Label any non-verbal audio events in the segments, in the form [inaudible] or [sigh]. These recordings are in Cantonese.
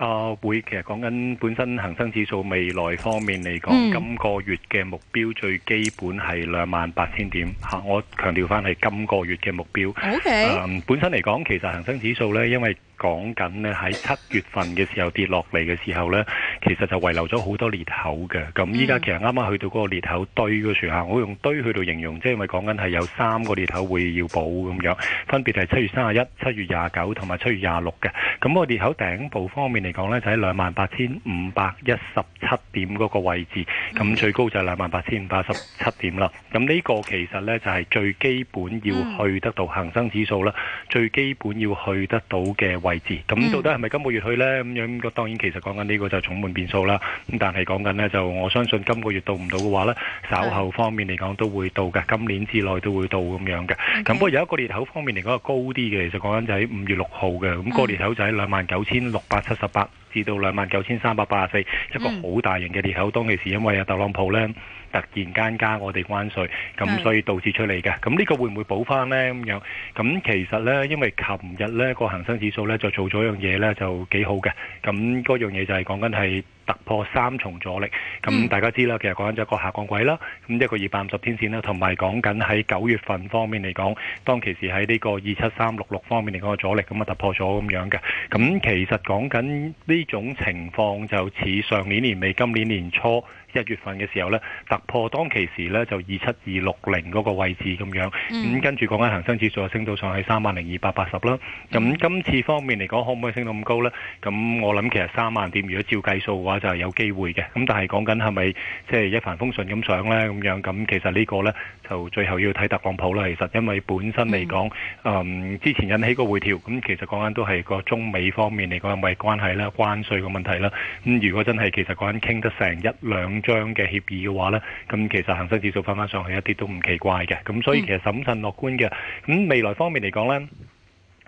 啊、呃，會其實講緊本身恒生指數未來方面嚟講，嗯、今個月嘅目標最基本係兩萬八千點吓，我強調翻係今個月嘅目標。Okay 呃、本身嚟講其實恒生指數咧，因為講緊呢喺七月份嘅時候跌落嚟嘅時候呢，其實就遺留咗好多裂口嘅。咁依家其實啱啱去到嗰個裂口堆嘅時候，我用堆去到形容，即係因為講緊係有三個裂口會要補咁樣，分別係七月三十一、七月廿九同埋七月廿六嘅。咁個裂口頂部方面嚟講呢，就喺兩萬八千五百一十七點嗰個位置，咁最高就係兩萬八千五百一十七點啦。咁呢、嗯、個其實呢，就係、是、最基本要去得到恒生指數啦，嗯、最基本要去得到嘅位置，咁到底係咪今個月去呢？咁樣個當然其實講緊呢個就充滿變數啦。咁但係講緊呢，就我相信今個月到唔到嘅話呢，稍後方面嚟講都會到嘅，今年之內都會到咁樣嘅。咁不過有一個裂口方面嚟講係高啲嘅，其實講緊就喺五月六號嘅。咁個裂口就喺兩萬九千六百七十八。至到兩萬九千三百八十四，一個好大型嘅裂口，mm. 當其時因為啊特朗普呢突然間加我哋關稅，咁所以導致出嚟嘅。咁呢個會唔會補翻呢？咁樣咁其實呢，因為琴日呢個恒生指數呢就做咗一樣嘢呢，就幾好嘅。咁嗰樣嘢就係講緊係。突破三重阻力，咁大家知啦，其實講緊一個下降軌啦，咁一個二百五十天線啦，同埋講緊喺九月份方面嚟講，當其時喺呢個二七三六六方面嚟講嘅阻力，咁啊突破咗咁樣嘅，咁其實講緊呢種情況，就似上年年尾，今年年初。一月份嘅時候呢，突破當其時呢就二七二六零嗰個位置咁樣，咁跟住講緊恆生指數升到上去三萬零二百八十啦。咁今次方面嚟講，可唔可以升到咁高呢？咁我諗其實三萬點，如果照計數嘅話，就係有機會嘅。咁但係講緊係咪即係一帆風順咁上呢？咁樣咁其實呢個呢就最後要睇特朗普啦。其實因為本身嚟講，誒之前引起個回調，咁其實講緊都係個中美方面嚟講嘅關係啦，關稅嘅問題啦。咁如果真係其實講緊傾得成一兩，將嘅協議嘅話咧，咁其實恒生指數翻翻上去一啲都唔奇怪嘅，咁所以其實審慎樂觀嘅，咁未來方面嚟講咧。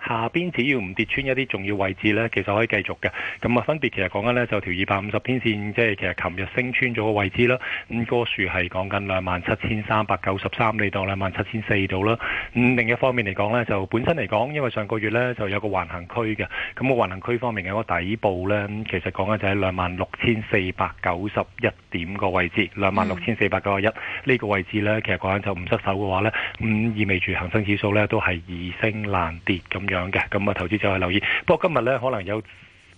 下邊只要唔跌穿一啲重要位置呢，其實可以繼續嘅。咁啊，分別其實講緊呢，就條二百五十天線，即係其實琴日升穿咗個位置啦。咁個樹係講緊兩萬七千三百九十三，你當兩萬七千四度啦。咁另一方面嚟講呢，就本身嚟講，因為上個月呢，就有個橫行區嘅。咁個橫行區方面嘅個底部呢，其實講緊就係兩萬六千四百九十一點個位置，兩萬六千四百九十一呢個位置呢，其實講緊就唔失手嘅話呢，咁意味住恒生指數呢都係易升難跌咁樣嘅，咁啊，投資者去留意。不過今日咧，可能有。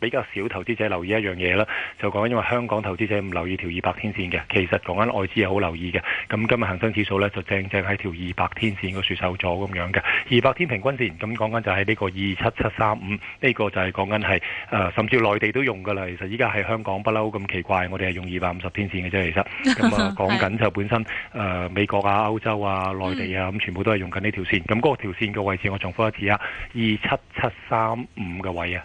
比較少投資者留意一樣嘢啦，就講因為香港投資者唔留意條二百天線嘅，其實講緊外資係好留意嘅。咁今日恒生指數咧就正正係條二百天線個樹手咗咁樣嘅，二百天平均線。咁講緊就係呢個二七七三五呢個就係講緊係誒，甚至內地都用噶啦。其實依家喺香港不嬲咁奇怪，我哋係用二百五十天線嘅啫。其實咁啊講緊就本身誒、 [laughs] 呃、美國啊、歐洲啊、內地啊咁全部都係用緊呢條線。咁嗰條線嘅位置我重複一次的啊，二七七三五嘅位啊。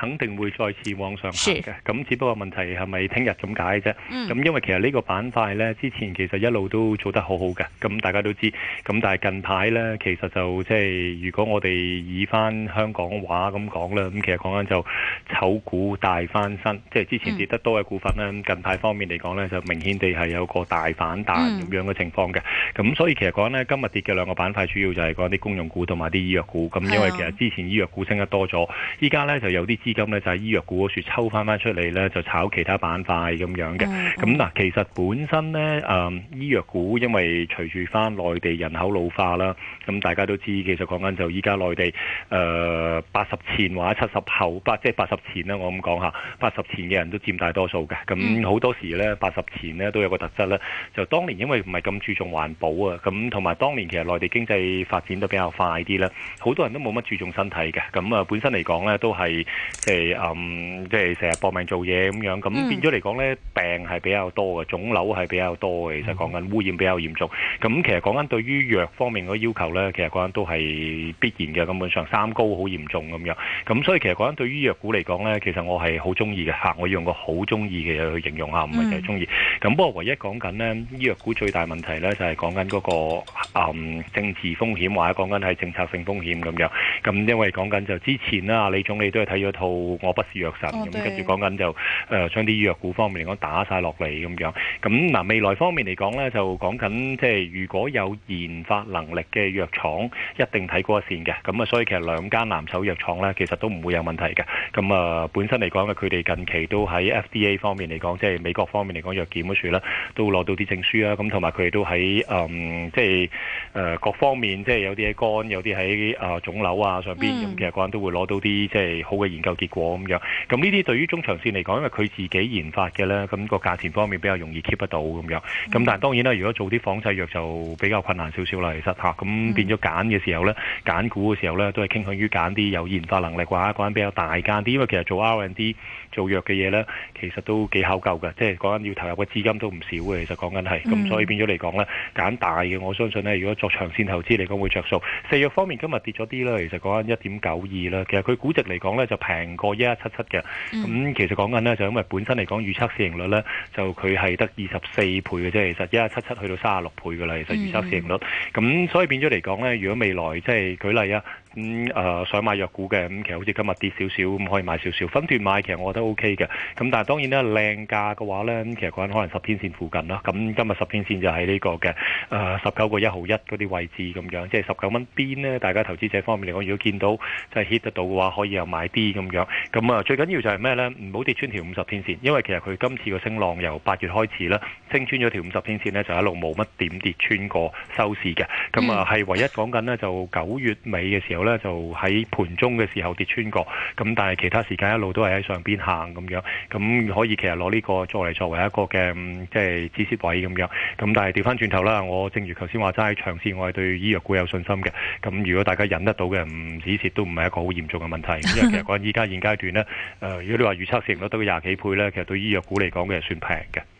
肯定會再次往上行嘅，咁是只不過問題係咪聽日咁解啫？咁、嗯、因為其實呢個板塊呢，之前其實一路都做得好好嘅，咁大家都知。咁但係近排呢，其實就即係如果我哋以翻香港話咁講啦。咁其實講緊就醜股大翻身，即、就、係、是、之前跌得多嘅股份呢，嗯、近排方面嚟講呢，就明顯地係有個大反彈咁樣嘅情況嘅。咁、嗯、所以其實講呢，今日跌嘅兩個板塊，主要就係講啲公用股同埋啲醫藥股。咁因為其實之前醫藥股升得多咗，依家、啊、呢就有啲資金咧就係、是、醫藥股嗰處抽翻翻出嚟咧，就炒其他板塊咁樣嘅。咁嗱、嗯，其實本身咧，誒、嗯、醫藥股因為隨住翻內地人口老化啦，咁大家都知，其實講緊就依家內地誒八十前或者七十後，八即係八十、就是、前啦，我咁講下八十前嘅人都佔大多數嘅。咁好多時咧，八十前咧都有個特質咧，就當年因為唔係咁注重環保啊，咁同埋當年其實內地經濟發展都比較快啲啦，好多人都冇乜注重身體嘅。咁啊，本身嚟講咧都係。即係嗯，即係成日搏命做嘢咁樣，咁變咗嚟講咧，病係比較多嘅，腫瘤係比較多嘅，其實講緊污染比較嚴重。咁其實講緊對於藥方面個要求咧，其實講緊都係必然嘅。根本上三高好嚴重咁樣，咁所以其實講緊對於藥股嚟講咧，其實我係好中意嘅吓，我用個好中意嘅去形容吓，唔係就係中意。咁不過唯一講緊咧，醫藥股最大問題咧就係講緊嗰個嗯政治風險，或者講緊係政策性風險咁樣。咁因為講緊就之前啦，李總理都係睇咗一套。我不是藥神咁，跟住講緊就誒，將啲藥股方面嚟講打晒落嚟咁樣。咁嗱、啊，未來方面嚟講呢，就講緊即係如果有研發能力嘅藥廠，一定睇過線嘅。咁啊，所以其實兩間藍籌藥廠呢，其實都唔會有問題嘅。咁啊、呃，本身嚟講呢，佢哋近期都喺 FDA 方面嚟講，即係美國方面嚟講藥檢嗰處啦，都攞到啲證書啊。咁同埋佢哋都喺誒，即係誒各方面，即係有啲喺肝，有啲喺啊腫瘤啊上邊。咁、嗯、其實講緊都會攞到啲即係好嘅研究。結果咁樣，咁呢啲對於中長線嚟講，因為佢自己研發嘅咧，咁個價錢方面比較容易 keep 得到咁樣。咁但係當然啦，如果做啲仿製藥就比較困難少少啦，其實吓。咁變咗揀嘅時候咧，揀股嘅時候咧，都係傾向於揀啲有研發能力嘅話，講緊比較大間啲。因為其實做 R and D 做藥嘅嘢咧，其實都幾考究嘅，即係講緊要投入嘅資金都唔少嘅。其實講緊係，咁所以變咗嚟講咧，揀大嘅，我相信咧，如果作長線投資嚟講會著數。四藥方面今日跌咗啲啦，其實講緊一點九二啦。其實佢估值嚟講咧就平。過一一七七嘅，咁其實講緊呢，就因為本身嚟講預測市盈率呢，就佢係得二十四倍嘅啫。其實一一七七去到三十六倍嘅啦，其實預測市盈率，咁所以變咗嚟講呢，如果未來即係舉例啊。咁誒、嗯呃、想買藥股嘅咁、嗯，其實好似今日跌少少、嗯，可以買少少分段買，其實我覺得 O K 嘅。咁、嗯、但係當然咧，靚價嘅話呢，咁其實講緊可能十天線附近啦。咁、嗯、今日十天線就喺呢個嘅誒十九個一毫一嗰啲位置咁樣，即係十九蚊邊呢？大家投資者方面嚟講，如果見到即係、hit 得到嘅話，可以又買啲咁樣。咁、嗯、啊，最緊要就係咩呢？唔好跌穿條五十天線，因為其實佢今次個升浪由八月開始啦，升穿咗條五十天線呢，就一路冇乜點跌穿過收市嘅。咁、嗯、啊，係唯一講緊呢，就九月尾嘅時候。咧就喺盤中嘅時候跌穿過，咁但係其他時間一路都係喺上邊行咁樣，咁可以其實攞呢個作為作為一個嘅即係止蝕位咁樣，咁但係調翻轉頭啦，我正如頭先話齋，長線我係對醫藥股有信心嘅，咁如果大家忍得到嘅唔止蝕都唔係一個好嚴重嘅問題，因為其實講依家現階段呢，誒如果你話預測市盈率得個廿幾倍呢，其實對醫藥股嚟講其實係算平嘅。 [music] [music]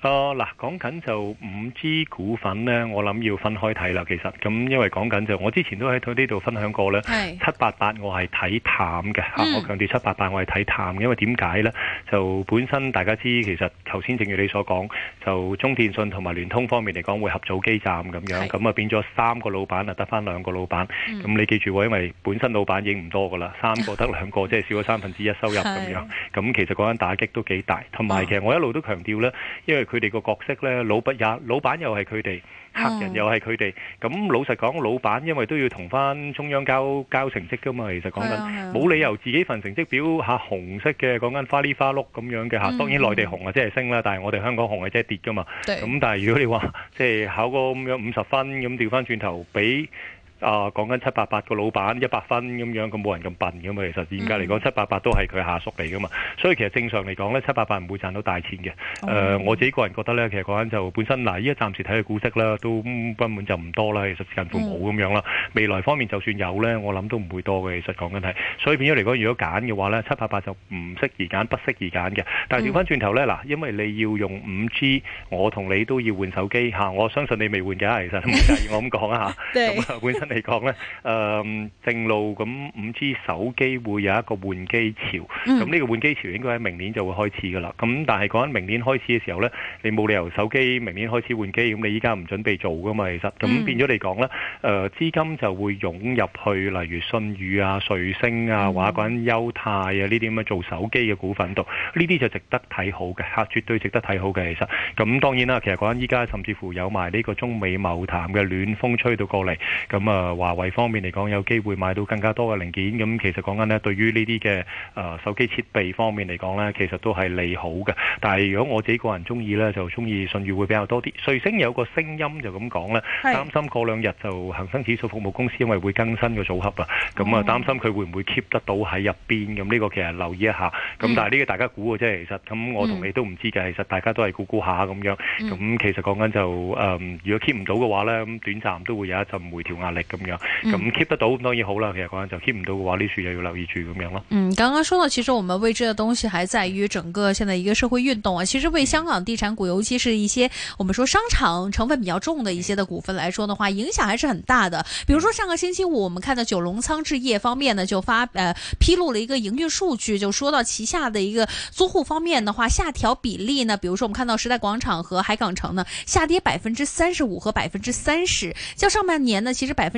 啊嗱、哦，講緊就五 G 股份咧，我諗要分開睇啦。其實咁，因為講緊就我之前都喺度呢度分享過咧，七八八我係睇淡嘅，嗯啊、我強調七八八我係睇淡，因為點解呢？就本身大家知，其實頭先正如你所講，就中電信同埋聯通方面嚟講會合組基站咁樣，咁啊是變咗三個老闆啊，得返兩個老闆。咁、嗯、你記住喎，因為本身老闆已經唔多噶啦，三個得兩個， [laughs] 即係少咗三分之一收入咁樣。咁是其實嗰陣打擊都幾大。同埋其實我一路都強調咧，因為佢哋個角色呢，老闆也老闆又係佢哋，客人又係佢哋。咁、嗯、老實講，老闆因為都要同翻中央交交成績㗎嘛。其實講緊冇理由自己份成績表下紅色嘅，講緊花哩花碌咁樣嘅嚇。嗯、當然內地紅啊，即係升啦，但係我哋香港紅係即係跌㗎嘛。咁對但係如果你話即係考個咁樣五十分咁掉翻轉頭俾。啊，講緊七八八個老闆一百分咁樣，佢冇人咁笨嘅嘛。其實現屆嚟講，嗯、七八八都係佢下屬嚟噶嘛。所以其實正常嚟講咧，七八八唔會賺到大錢嘅。誒、嗯呃，我自己個人覺得呢，其實講緊就本身嗱，依家暫時睇嘅股息咧，都根、嗯、本，本就唔多啦。其實近乎冇咁樣啦，嗯、未來方面就算有呢，我諗都唔會多嘅。其實講緊係，所以變咗嚟講，如果揀嘅話呢，七八八就唔適宜揀，不適宜揀嘅。但係調翻轉頭呢，嗱、嗯，因為你要用五 G，我同你都要換手機嚇、啊。我相信你未換嘅其實唔介意我咁講啊嚇。 [laughs] 對 本身。誒嚟講咧，正路咁五 G 手機會有一個換機潮，咁呢、嗯、個換機潮應該喺明年就會開始噶啦。咁但係講緊明年開始嘅時候呢，你冇理由手機明年開始換機，咁你依家唔準備做噶嘛？其實咁變咗嚟講啦，誒、呃、資金就會湧入去，例如舜宇啊、瑞聲啊、或者講丘鈦啊呢啲咁嘅做手機嘅股份度，呢啲就值得睇好嘅嚇、啊，絕對值得睇好嘅。其實咁當然啦，其實講緊依家甚至乎有埋呢個中美貿談嘅暖風吹到過嚟，咁啊～誒華為方面嚟講，有機會買到更加多嘅零件。咁其實講緊咧，對於呢啲嘅誒手機設備方面嚟講咧，其實都係利好嘅。但係如果我自己個人中意咧，就中意舜宇會比較多啲。瑞聲有個聲音就咁講咧，擔心過兩日就恆生指數服務公司因為會更新個組合啊，咁啊擔心佢會唔會 keep 得到喺入邊咁？呢個其實留意一下。咁但係呢個大家估嘅啫，其實咁我同你都唔知嘅。其實大家都係估估下咁樣。咁其實講緊就誒，如果 keep 唔到嘅話咧，咁短暫都會有一陣回調壓力。咁樣咁 keep 得到當然好啦。其實講就 keep 唔到嘅話，呢處又要留意住咁樣咯。嗯，剛剛講到，其實我們未知嘅東西，還在於整個現在一個社會運動啊。其實為香港地產股，尤其是一些我們說商場成分比較重的一些的股份來說的話，影響還是很大的。比如說上個星期五，我們看到九龍倉置業方面呢就發，呃披露了一個營運數據，就說到旗下的一個租戶方面的話，下調比例呢。比如說，我們看到時代廣場和海港城呢下跌百分之三十五和百分之三十。較上半年呢，其實百分。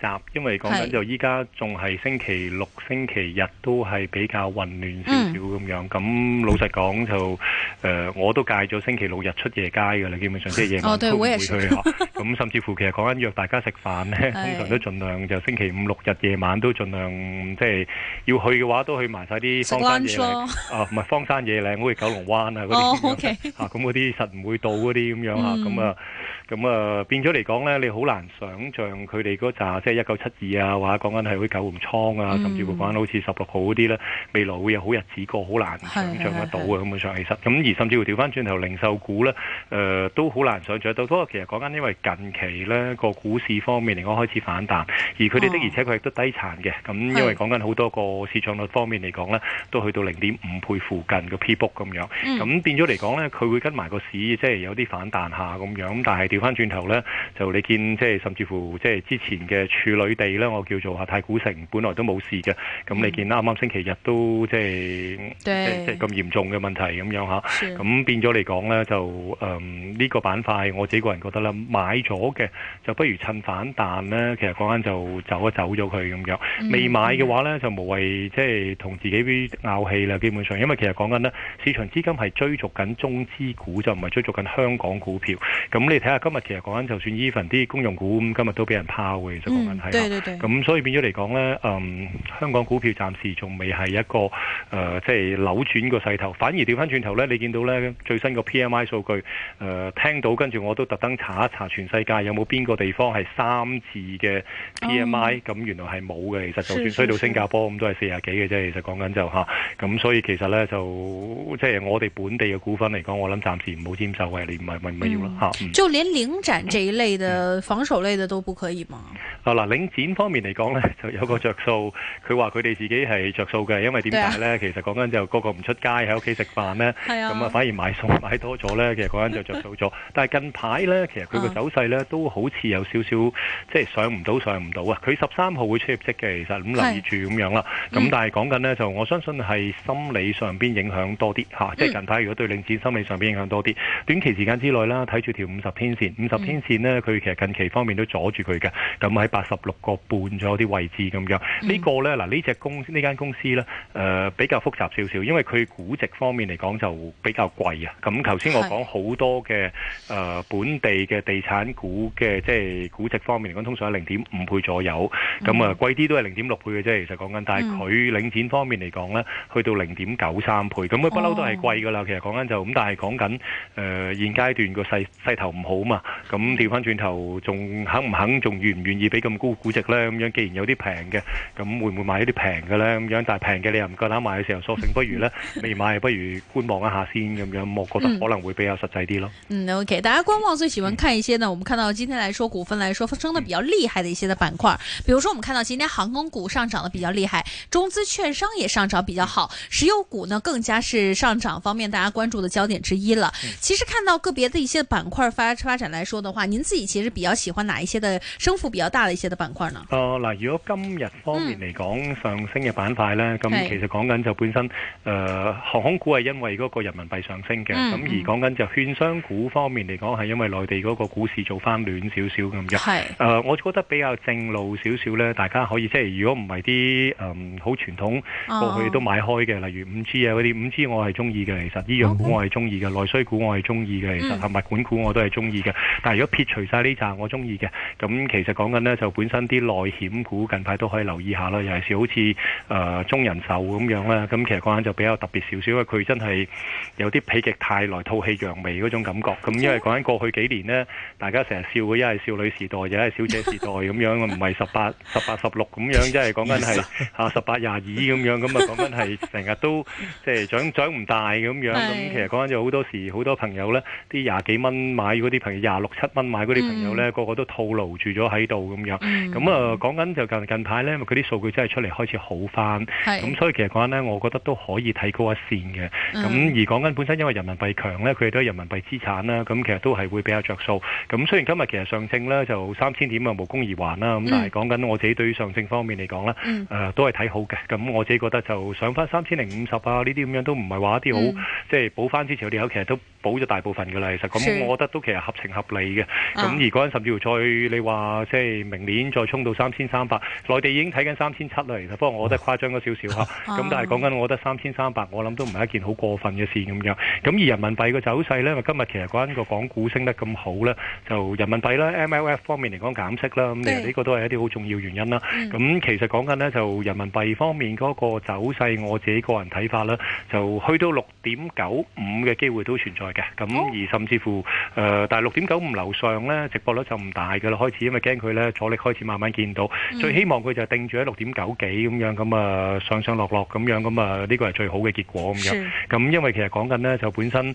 集，因為講緊就依家仲係星期六、星期日都係比較混亂少少咁樣。咁老實講就誒，我都戒咗星期六日出夜街㗎喇，基本上即係夜晚都唔會去嚇。咁甚至乎其實講緊約大家食飯咧，通常都盡量就星期五六日夜晚都盡量即係要去嘅話，都去埋晒啲荒山野啊，唔係荒山野嶺好似九龍灣啊嗰啲咁樣。嚇咁嗰啲實唔會到嗰啲咁樣嚇。咁啊，咁啊變咗嚟講咧，你好難想像佢哋嗰咋即係。一九七二啊，或者講緊係九龍倉啊，甚至乎講緊好似十六號嗰啲咧，未來會有好日子過，好難想象得到嘅咁嘅上氣失。咁而甚至乎調翻轉頭，零售股咧，誒、呃、都好難想象到。不過其實講緊因為近期咧，個股市方面嚟講開始反彈，而佢哋的而且確亦都低殘嘅。咁、哦、因為講緊好多個市場率方面嚟講咧，都去到零點五倍附近嘅 P book 咁樣。咁、嗯、變咗嚟講咧，佢會跟埋個市，即係有啲反彈下咁樣。咁但係調翻轉頭咧，就你見即係甚至乎即係之前嘅。處女地咧，我叫做太古城，本來都冇事嘅。咁你見啱啱星期日都即係對即係咁嚴重嘅問題咁樣嚇。咁的變咗嚟講咧，就誒呢、嗯呢個板塊，我自己個人覺得啦，買咗嘅就不如趁反彈咧。其實講緊就走一走咗佢咁樣。未買嘅話咧，嗯、就無謂即係同自己拗氣啦。基本上，因為其實講緊呢市場資金係追逐緊中資股，就唔係追逐緊香港股票。咁你睇下今日其實講緊，就算 even 啲公用股今日都俾人拋嘅。問題咁所以變咗嚟講呢，嗯，香港股票暫時仲未係一個誒、呃，即係扭轉個勢頭，反而調翻轉頭呢。你見到呢最新個 P M I 數據，誒、呃、聽到，跟住我都特登查一查全世界有冇邊個地方係三字嘅 P M I，咁原來係冇嘅，其實就算衰到新加坡咁都係四十幾嘅啫，其實講緊就嚇、是，咁所以其實呢，就即係我哋本地嘅股份嚟講，我諗暫時唔好簽售嘅，你唔係咪唔要啦就連領展這一類的防守類的都不可以嗎、嗯嗱，領展方面嚟講呢，就有個着數。佢話佢哋自己係着數嘅，因為點解呢？其實講緊就個個唔出街喺屋企食飯呢，咁啊反而買餸買多咗呢。其實講緊就着數咗。但係近排呢，其實佢個走勢呢都好似有少少，即係上唔到上唔到啊！佢十三號會出業績嘅，其實咁留意住咁樣啦。咁是、嗯、但係講緊呢，就我相信係心理上邊影響多啲、啊、即係近排如果對領展心理上邊影響多啲，嗯、短期時間之內啦，睇住條五十天線，五十天線呢，佢、嗯、其實近期方面都阻住佢嘅。咁喺八十六個半左右啲位置咁樣，呢個咧，嗱呢隻公呢間公司咧，誒比較複雜少少，因為佢估值方面嚟講就比較貴啊。咁頭先我講好多嘅誒本地嘅地產股嘅，即係估值方面嚟講，通常係零點五倍左右，咁啊貴啲都係零點六倍嘅啫。其實講緊，但係佢領展方面嚟講咧，去到零點九三倍，咁不嬲都係貴㗎啦。其實講緊就咁，但係講緊誒現階段個勢勢頭唔好嘛，咁調翻轉頭仲肯唔肯，仲願唔願意俾咁？高估值呢，咁樣既然有啲平嘅，咁會唔會買一啲平嘅呢？咁樣，但係平嘅你又唔夠膽買嘅時候，索性不如呢，未買不如觀望一下先咁樣，我覺得可能會比較實際啲咯，嗯。嗯，OK，大家觀望，最喜歡看一些呢。嗯、我們看到今天來說股份來說，發生得比較厲害的一些的板塊，嗯、比如說我們看到今天航空股上漲得比較厲害，中資券商也上漲比較好，石油股呢更加是上漲方面大家關注的焦點之一了。嗯、其實看到個別的一些板塊發發展來說的話，您自己其實比較喜歡哪一些的升幅比較大的一些？嘅板塊啦。哦，嗱，如果今日方面嚟講上升嘅板塊咧，咁其實講緊就本身，誒，航空股係因為嗰個人民幣上升嘅，咁而講緊就券商股方面嚟講係因為內地嗰個股市做翻暖少少咁嘅。係。誒，我覺得比較正路少少咧，大家可以即係如果唔係啲誒好傳統過去都買開嘅，例如五 G 啊嗰啲，五 G 我係中意嘅。其實醫藥股我係中意嘅，內需股我係中意嘅，其實係物管股我都係中意嘅。但係如果撇除曬呢紮我中意嘅，咁其實講緊咧就。本身啲內險股近排都可以留意下啦，尤其是好似誒、呃、中人壽咁樣啦。咁其實講緊就比較特別少少，因為佢真係有啲否極泰來吐氣揚眉嗰種感覺。咁因為講緊過去幾年呢，大家成日笑嘅一係少女時代，一係小姐時代咁樣，唔係十八、十八、十六咁樣，即係講緊係嚇十八廿二咁樣，咁啊講緊係成日都即係、就是、長長唔大咁樣。咁的其實講緊就好多時，好多朋友呢啲廿幾蚊買嗰啲朋友，廿六七蚊買嗰啲朋友呢，嗯、個個都套路住咗喺度咁樣。咁啊，講緊就近近排咧，因為佢啲數據真係出嚟開始好翻，咁是、嗯、所以其實講咧，我覺得都可以睇高一線嘅。咁、嗯、而講緊本身，因為人民幣強咧，佢哋都係人民幣資產啦，咁其實都係會比較着數。咁雖然今日其實上證咧就三千點啊無功而還啦，咁但係講緊我自己對於上證方面嚟講咧，誒、嗯呃、都係睇好嘅。咁我自己覺得就上翻三千零五十啊呢啲咁樣都唔係話一啲好、嗯、即係補翻之前啲跌其實都。補咗大部分噶啦，其實咁，我覺得都其實合情合理嘅。咁而嗰陣甚至乎再你話，即係明年再衝到三千三百，內地已經睇緊三千七啦，其實。不過我覺得誇張咗少少吓。咁但係講緊，我覺得三千三百，我諗都唔係一件好過分嘅事咁樣。咁而人民幣嘅走勢咧，因為今日其實嗰陣個港股升得咁好咧，就人民幣啦，MLF 方面嚟講減息啦，咁其實呢個都係一啲好重要原因啦。咁其實講緊咧，就人民幣方面嗰個走勢，我自己個人睇法咧，就去到六點九五嘅機會都存在。嘅咁而甚至乎誒，但係六點九五樓上咧，直播率就唔大嘅啦，開始因為驚佢咧阻力開始慢慢見到，最希望佢就定住喺六點九幾咁樣咁啊，上上落落咁樣咁啊，呢個係最好嘅結果咁樣。咁因為其實講緊咧就本身誒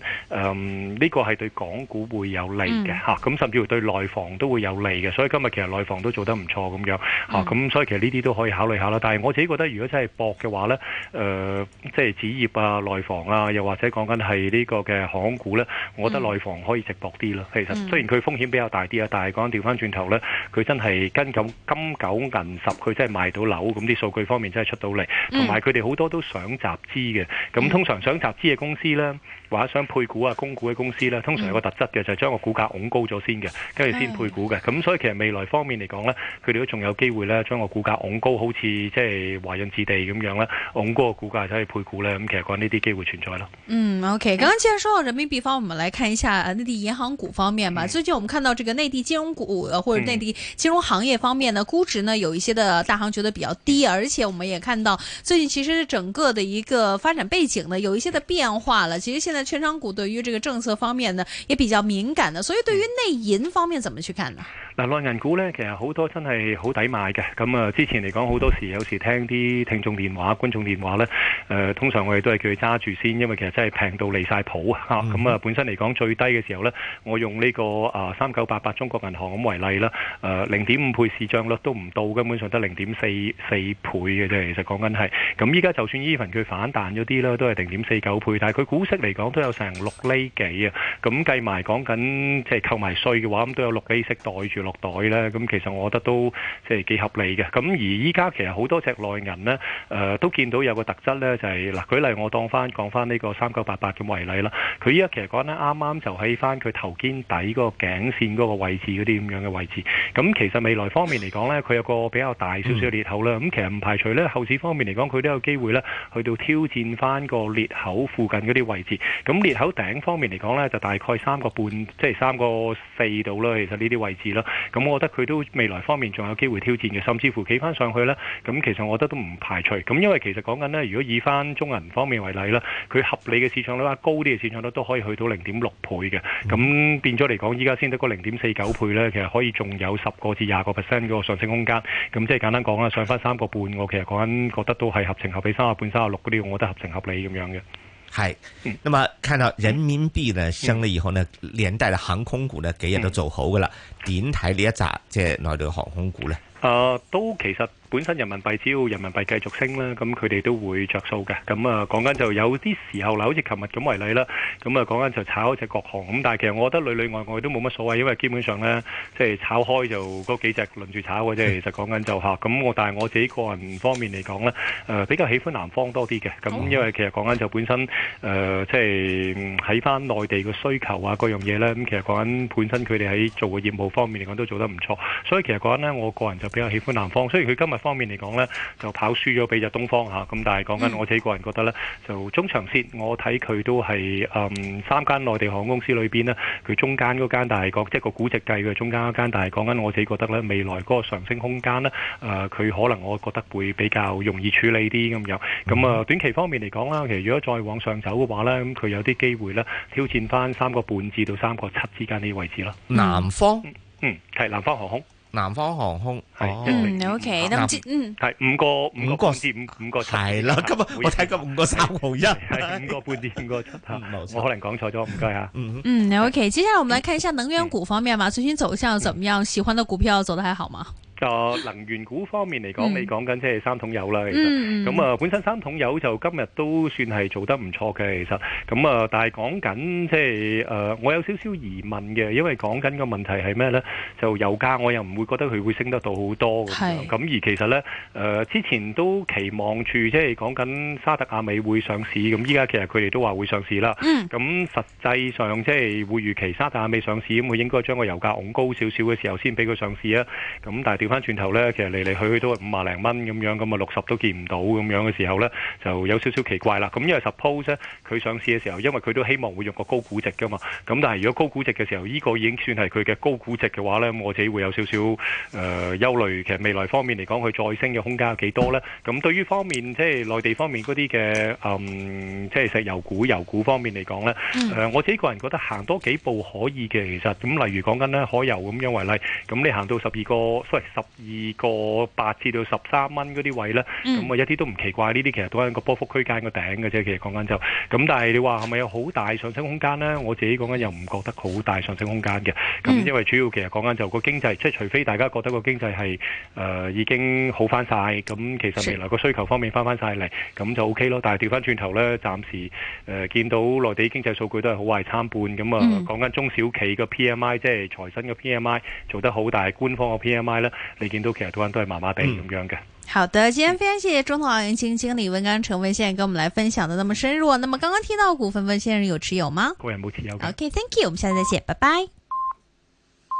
呢個係對港股會有利嘅嚇，咁甚至乎對內房都會有利嘅，所以今日其實內房都做得唔錯咁樣嚇，咁所以其實呢啲都可以考慮下啦。但係我自己覺得如果真係博嘅話咧，誒即係紙業啊、內房啊，又或者講緊係呢個嘅行股。咧，我覺得內房可以值博啲咯。其實雖然佢風險比較大啲啊，但係講調返轉頭咧，佢真係跟咁金九銀十，佢真係賣到樓。咁啲數據方面真係出到嚟，同埋佢哋好多都想集資嘅。咁通常想集資嘅公司咧，或者想配股啊、供股嘅公司咧，通常有個特質嘅就係將個股價戧高咗先嘅，跟住先配股嘅。咁所以其實未來方面嚟講咧，佢哋都仲有機會咧，將個股價戧高，好似即係華潤置地咁樣咧，戧高個股價就可以配股咧。咁其實講呢啲機會存在咯。嗯，OK，剛剛只係收我人民。地、嗯嗯、方，我們來看一下內地銀行股方面吧。最近我們看到這個內地金融股或者內地金融行業方面呢，估值呢有一些的大行覺得比較低，嗯、而且我們也看到最近其實整個的一個發展背景呢有一些的變化了。其實現在券商股對於這個政策方面呢也比較敏感的，所以對於內銀方面怎麼去看呢？嗱、嗯，內銀股呢，其實好多真係好抵買嘅。咁、嗯、啊，之前嚟講好多時，有時聽啲聽眾電話、觀眾電話呢，通常我哋都係叫佢揸住先，因為其實真係平到離晒譜啊！咁啊，本身嚟講最低嘅時候呢，我用呢個啊三九八八中國銀行咁為例啦，誒零點五倍市賬率都唔到，根本上得零點四四倍嘅啫。其實講緊係，咁依家就算依份佢反彈咗啲啦，都係零點四九倍，但係佢股息嚟講都有成六厘幾啊。咁計埋講緊即係扣埋稅嘅話，咁都有六厘息袋住落袋啦。咁其實我覺得都即係幾合理嘅。咁而依家其實好多隻內銀呢，誒都見到有個特質呢、就是，就係嗱，舉例我當翻講翻呢個三九八八咁為例啦，佢一。其實講呢，啱啱就喺翻佢頭肩底嗰個頸線嗰個位置嗰啲咁樣嘅位置。咁其實未來方面嚟講呢，佢有個比較大少少嘅裂口啦。咁其實唔排除呢，後市方面嚟講，佢都有機會呢去到挑戰翻個裂口附近嗰啲位置。咁裂口頂方面嚟講呢，就大概三個半，即係三個四度啦。其實呢啲位置啦，咁我覺得佢都未來方面仲有機會挑戰嘅，甚至乎企翻上去呢。咁其實我覺得都唔排除。咁因為其實講緊呢，如果以翻中銀方面為例啦，佢合理嘅市場率呀，高啲嘅市場率都可以。去到零點六倍嘅，咁變咗嚟講，依家先得個零點四九倍呢，其實可以仲有十個至廿個 percent 嗰個上升空間，咁即係簡單講啦，上翻三個半，我其實講緊覺得都係合情合理，三啊半三啊六嗰啲，我覺得合情合理咁樣嘅。係，咁啊，看到人民幣咧升咗以後呢，連帶嘅航空股呢幾日都做好噶啦。點睇呢一集即係內地航空股呢，啊、就是呃，都其實。本身人民幣只要人民幣繼續升咧，咁佢哋都會著數嘅。咁啊，講緊就有啲時候啦，好似琴日咁為例啦。咁啊，講緊就炒一隻國航咁，但係其實我覺得裏裏外外都冇乜所謂，因為基本上咧，即係炒開就嗰幾隻輪住炒嘅啫。其實講緊就嚇咁我，但係我自己個人方面嚟講咧，誒比較喜歡南方多啲嘅。咁因為其實講緊就本身誒，即係喺翻內地嘅需求啊各樣嘢咧，咁其實講緊本身佢哋喺做嘅業務方面嚟講都做得唔錯，所以其實講緊咧，我個人就比較喜歡南方。所以佢今日。方面嚟講呢，就跑輸咗俾隻東方吓，咁但係講緊我自己個人覺得呢，就中長線我睇佢都係嗯三間內地航空公司裏邊呢，佢中間嗰間，但係講即係個估值計嘅中間嗰間，但係講緊我自己覺得呢，未來嗰個上升空間呢，誒、呃、佢可能我覺得會比較容易處理啲咁樣。咁啊短期方面嚟講啦，其實如果再往上走嘅話呢，咁佢有啲機會呢挑戰返三個半至到三個七之間呢啲位置啦。南方，嗯係、嗯、南方航空。南方航空，嗯，你 OK，咁唔知，嗯，係 [noise] 五個五個點五五個七，係啦， [noise] 今日我睇咗五個三毫一，係 [laughs] 五個半點五個七毫五，我可能講錯咗，唔該吓，嗯嗯，OK，接下來我們來看一下能源股方面嘛，最近走向怎麼樣？嗯、喜歡的股票走得還好嗎？能源股方面嚟講，你講緊即係三桶油啦，嗯、其實咁啊，本身三桶油就今日都算係做得唔錯嘅，其實咁啊，但係講緊即係誒，我有少少疑問嘅，因為講緊個問題係咩咧？就油價我又唔會覺得佢會升得到好多嘅。係是。咁而其實咧，誒、呃、之前都期望住即係講緊沙特阿美會上市，咁依家其實佢哋都話會上市啦。咁、嗯、實際上即係會預期沙特阿美上市，咁佢應該將個油價㧬高少少嘅時候先俾佢上市啊。咁但係。翻轉頭咧，其實嚟嚟去去都係五萬零蚊咁樣，咁啊六十都見唔到咁樣嘅時候咧，就有少少奇怪啦。咁因為 suppose 咧，佢上市嘅時候，因為佢都希望會用個高估值㗎嘛。咁但係如果高估值嘅時候，呢個已經算係佢嘅高估值嘅話咧，我自己會有少少誒憂慮。其實未來方面嚟講，佢再升嘅空間有幾多咧？咁對於方面，即係內地方面嗰啲嘅嗯，即係石油股、油股方面嚟講咧，誒，我自己個人覺得行多幾步可以嘅。其實咁，例如講緊咧海油咁樣為例，咁你行到十二個，sorry。十二個八至到十三蚊嗰啲位呢，咁啊、嗯、一啲都唔奇怪。呢啲其實都係個波幅區間個頂嘅啫。其實講緊就，咁但係你話係咪有好大上升空間呢？我自己講緊又唔覺得好大上升空間嘅。咁因為主要其實講緊就個經濟，即係除非大家覺得個經濟係誒已經好翻晒。咁其實未來個需求方面翻翻晒嚟，咁就 OK 咯。但係調翻轉頭呢，暫時誒、呃、見到內地經濟數據都係好壞參半。咁啊，講緊中小企個 PMI，即係財新嘅 PMI 做得好，但係官方嘅 PMI 呢。你見到其實都係都係麻麻地咁樣嘅、嗯。好的，今天非常謝謝中投傲揚基金經理溫鋼城先生，現在跟我們來分享得那麼深入。那麼剛剛聽到股份，溫先生有持有嗎？個人冇持有嘅。OK，thank you，我們下次再見，拜拜。